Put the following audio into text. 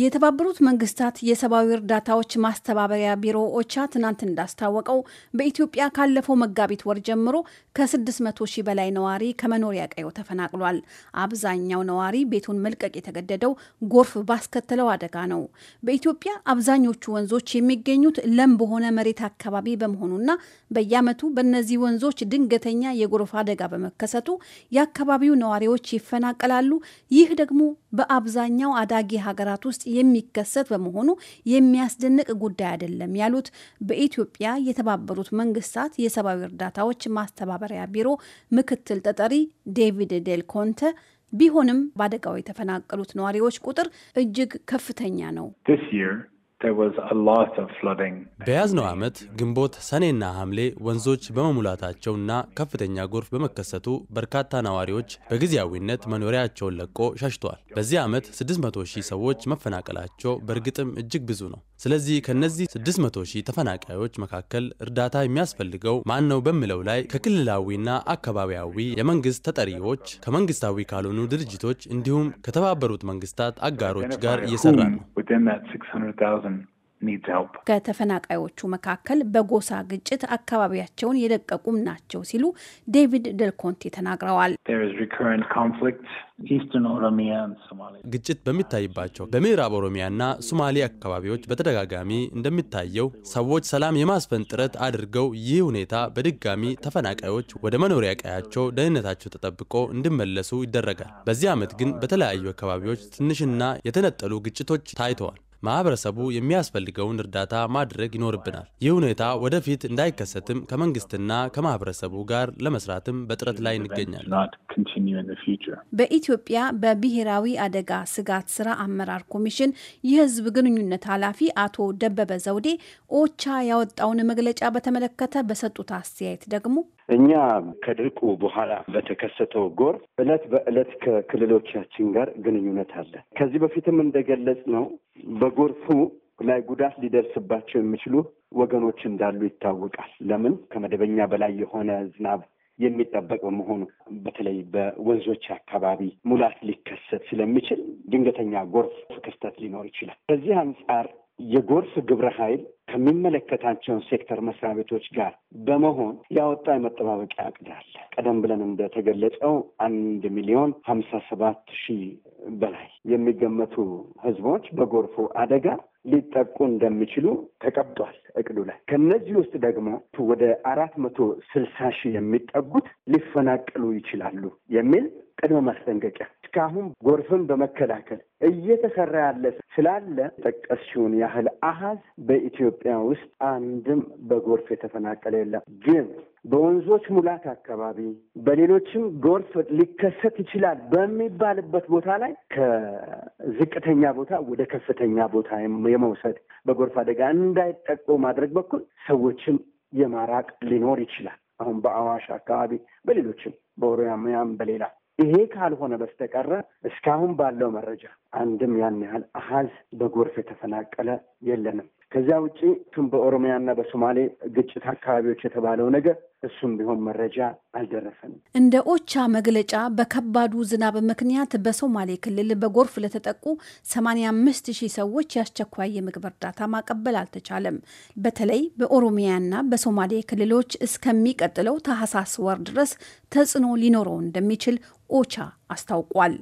የተባበሩት መንግስታት የሰብአዊ እርዳታዎች ማስተባበሪያ ቢሮ ኦቻ ትናንት እንዳስታወቀው በኢትዮጵያ ካለፈው መጋቢት ወር ጀምሮ ከ600 ሺህ በላይ ነዋሪ ከመኖሪያ ቀየው ተፈናቅሏል። አብዛኛው ነዋሪ ቤቱን መልቀቅ የተገደደው ጎርፍ ባስከተለው አደጋ ነው። በኢትዮጵያ አብዛኞቹ ወንዞች የሚገኙት ለም በሆነ መሬት አካባቢ በመሆኑና በየዓመቱ በእነዚህ ወንዞች ድንገተኛ የጎርፍ አደጋ በመከሰቱ የአካባቢው ነዋሪዎች ይፈናቀላሉ። ይህ ደግሞ በአብዛኛው አዳጊ ሀገራት ውስጥ የሚከሰት በመሆኑ የሚያስደንቅ ጉዳይ አይደለም ያሉት በኢትዮጵያ የተባበሩት መንግስታት የሰብአዊ እርዳታዎች ማስተባበሪያ ቢሮ ምክትል ተጠሪ ዴቪድ ዴል ኮንተ ቢሆንም በአደጋው የተፈናቀሉት ነዋሪዎች ቁጥር እጅግ ከፍተኛ ነው። በያዝነው ዓመት ግንቦት፣ ሰኔና ሐምሌ ወንዞች በመሙላታቸውና ከፍተኛ ጎርፍ በመከሰቱ በርካታ ነዋሪዎች በጊዜያዊነት መኖሪያቸውን ለቆ ሸሽተዋል። በዚህ ዓመት 600 ሺህ ሰዎች መፈናቀላቸው በእርግጥም እጅግ ብዙ ነው። ስለዚህ ከእነዚህ 600 ሺህ ተፈናቃዮች መካከል እርዳታ የሚያስፈልገው ማን ነው በሚለው ላይ ከክልላዊና አካባቢያዊ የመንግስት ተጠሪዎች፣ ከመንግስታዊ ካልሆኑ ድርጅቶች እንዲሁም ከተባበሩት መንግስታት አጋሮች ጋር እየሰራ ነው። within that 600,000 ከተፈናቃዮቹ መካከል በጎሳ ግጭት አካባቢያቸውን የለቀቁም ናቸው ሲሉ ዴቪድ ደልኮንቴ ተናግረዋል። ግጭት በሚታይባቸው በምዕራብ ኦሮሚያና ሶማሌ አካባቢዎች በተደጋጋሚ እንደሚታየው ሰዎች ሰላም የማስፈን ጥረት አድርገው ይህ ሁኔታ በድጋሚ ተፈናቃዮች ወደ መኖሪያ ቀያቸው ደህንነታቸው ተጠብቆ እንዲመለሱ ይደረጋል። በዚህ ዓመት ግን በተለያዩ አካባቢዎች ትንሽና የተነጠሉ ግጭቶች ታይተዋል። ማህበረሰቡ የሚያስፈልገውን እርዳታ ማድረግ ይኖርብናል። ይህ ሁኔታ ወደፊት እንዳይከሰትም ከመንግስትና ከማህበረሰቡ ጋር ለመስራትም በጥረት ላይ እንገኛለን። በኢትዮጵያ በብሔራዊ አደጋ ስጋት ስራ አመራር ኮሚሽን የህዝብ ግንኙነት ኃላፊ አቶ ደበበ ዘውዴ ኦቻ ያወጣውን መግለጫ በተመለከተ በሰጡት አስተያየት ደግሞ እኛ ከድርቁ በኋላ በተከሰተው ጎርፍ እለት በእለት ከክልሎቻችን ጋር ግንኙነት አለ። ከዚህ በፊትም እንደገለጽ ነው በጎርፉ ላይ ጉዳት ሊደርስባቸው የሚችሉ ወገኖች እንዳሉ ይታወቃል። ለምን ከመደበኛ በላይ የሆነ ዝናብ የሚጠበቅ በመሆኑ በተለይ በወንዞች አካባቢ ሙላት ሊከሰት ስለሚችል ድንገተኛ ጎርፍ ክስተት ሊኖር ይችላል። ከዚህ አንጻር የጎርፍ ግብረ ኃይል ከሚመለከታቸውን ሴክተር መስሪያ ቤቶች ጋር በመሆን ያወጣ የመጠባበቂያ እቅድ አለ። ቀደም ብለን እንደተገለጸው አንድ ሚሊዮን ሀምሳ ሰባት ሺህ በላይ የሚገመቱ ህዝቦች በጎርፉ አደጋ ሊጠቁ እንደሚችሉ ተቀብጧል እቅዱ ላይ። ከነዚህ ውስጥ ደግሞ ወደ አራት መቶ ስልሳ ሺህ የሚጠጉት ሊፈናቀሉ ይችላሉ የሚል ቅድመ ማስጠንቀቂያ እስካሁን ጎርፍን በመከላከል እየተሰራ ያለ ስላለ ጠቀስሽውን ያህል አሀዝ በኢትዮጵያ ውስጥ አንድም በጎርፍ የተፈናቀለ የለም። ግን በወንዞች ሙላት አካባቢ፣ በሌሎችም ጎርፍ ሊከሰት ይችላል በሚባልበት ቦታ ላይ ከዝቅተኛ ቦታ ወደ ከፍተኛ ቦታ የመውሰድ በጎርፍ አደጋ እንዳይጠቁ ማድረግ በኩል ሰዎችም የማራቅ ሊኖር ይችላል። አሁን በአዋሽ አካባቢ፣ በሌሎችም በኦሮሚያም በሌላ ይሄ ካልሆነ በስተቀረ እስካሁን ባለው መረጃ አንድም ያን ያህል አሀዝ በጎርፍ የተፈናቀለ የለንም። ከዚያ ውጭ እሱም በኦሮሚያና በሶማሌ ግጭት አካባቢዎች የተባለው ነገር እሱም ቢሆን መረጃ አልደረሰንም። እንደ ኦቻ መግለጫ በከባዱ ዝናብ ምክንያት በሶማሌ ክልል በጎርፍ ለተጠቁ 85 ሺህ ሰዎች የአስቸኳይ የምግብ እርዳታ ማቀበል አልተቻለም። በተለይ በኦሮሚያና በሶማሌ ክልሎች እስከሚቀጥለው ታህሳስ ወር ድረስ ተጽዕኖ ሊኖረው እንደሚችል ኦቻ አስታውቋል።